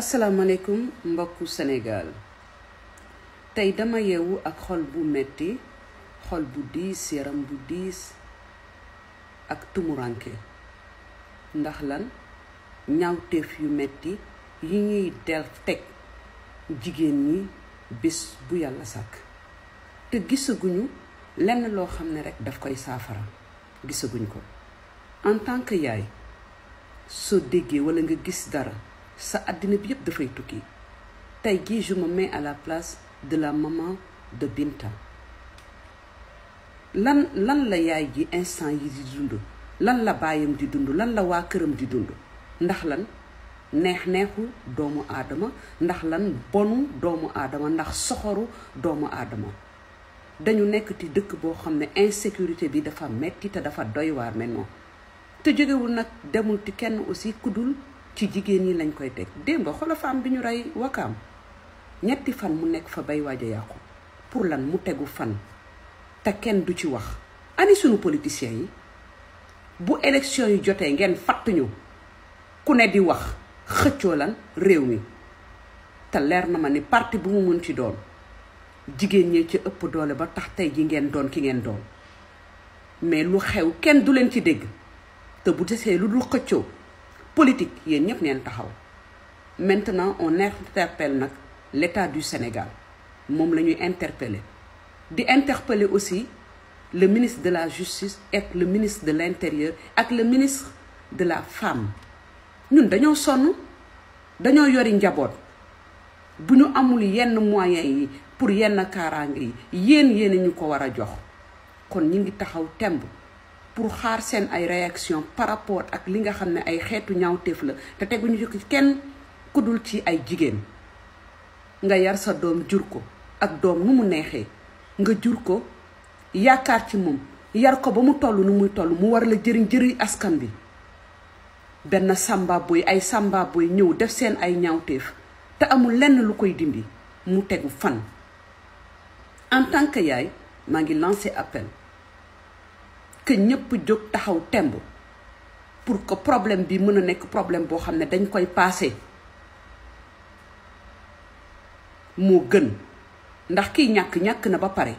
asalaamaaleykum mbokku Sénégal tey dama yeewu ak xol bu metti xol bu diis yaram bu diis ak tumuraanke ndax lan ñaawteef yu metti yi ñuy del teg jigéen ñi bés bu yàlla sàkk te gisaguñu lenn loo xam ne rekk daf koy saafara gisaguñ ko en tant yaay soo déggee walla nga gis dara sa àddina bi yëpp dafay tukki tey jii juma mais mets à la place de la maman de Binta lan lan la yaay ji instant yi di dund lan la baayam di dund lan la waa këram di dund ndax lan neex neexu doomu aadama ndax lan bonu doomu aadama ndax soxoru doomu aadama dañu nekk ci dëkk boo xam ne insécurité bi dafa metti te dafa doy waar maintenant te jógewul nag demul ci kenn aussi ku dul ci jigéen ñi lañ koy teg démb xoola femme bi ñu rey wakaam ñetti fan mu nekk fa bay waaj a pour lan mu fan ta kenn du ci wax ani sunu politiciens yi bu election yi jotee ngeen fatt ñu ku ne di wax lan réew mi leer na ma ni parti bu mu mën ci doon jigéen ñee ca ëpp doole ba tax tey ji ngeen doon ki ngeen doon mais lu xew kenn du leen ci dégg te bu lu dul politique yéen ñëpp neen taxaw maintenant on interpelle l'état du Sénégal Nous la interpeller di interpeller aussi le ministre de la justice et le ministre de l'intérieur et le ministre de la femme Nous dañoo sonn Nous yori njaboot bu Nous avons les moyens yi pour yenn kaaraange yi yéen yéen ñu faire jox kon Nous taxaw temb pour xaar seen ay réaction par rapport ak li nga xam ne ay xeetu ñaawteef la te teguñu ci kenn ku dul ci ay jigéen nga yar sa doom jur ko ak doom nu mu neexee nga jur ko yaakaar ci moom yar ko ba mu toll nu muy toll mu war la jëriñ jëriñ askan bi benn samba boy ay samba ñëw def seen ay ñaawteef te amul lenn lu koy dindi mu tegu fan en tant que yaay maa ngi lancé appel que ñëpp jóg taxaw temb pour ko problème bi mën a nekk problème boo xam ne dañ koy paase moo gën ndax kiy ñàkk ñàkk na ba pare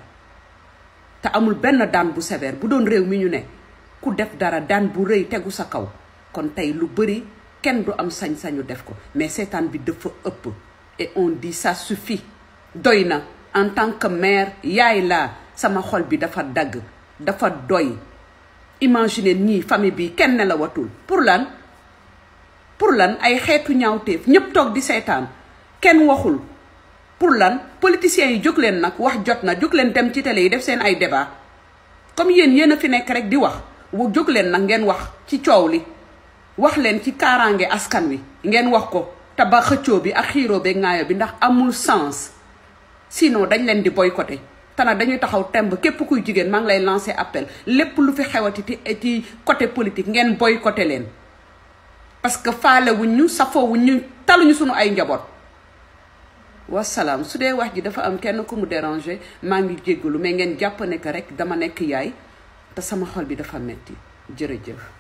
te amul benn daan bu sévère bu doon réew mi ñu ne ku def dara daan bu rëy tegu sa kaw kon tey lu bëri kenn du am sañ-sañu def ko mais seetaan bi dafa ëpp et on dit ça suffit doy na en tant que mère yaay laa sama xol bi dafa dagg dafa doy imaginer nii famille bi kenn ne la watul pour lan pour lan ay xeetu ñaawteef ñépp toog di seetaan kenn waxul pour lan politiciens yi jóg leen nag wax jot na jóg leen dem ci télé yi def seen ay débat comme yéen yéen a fi nekk rek di wax wu jóg leen nag ngeen wax ci coow li wax leen ci kaaraange askan wi ngeen wax ko te ba bi ak xiiro beeg ngaayo bi ndax amul sens sino dañ leen di boycotter te dañuy taxaw temb képp kuy jigéen maa ngi lay lancer appel lépp lu fi xewati eh, ci côté politique ngeen boycotté leen parce que faale wuñ ñu safoo wuñ ñu taluñu suñu ay njaboot wasalaam su dee wax ji dafa am kenn ku mu déranger maa ngi jéggalu mais ngeen jàpp ne que rek dama nekk yaay te sama xol bi dafa metti jërëjëf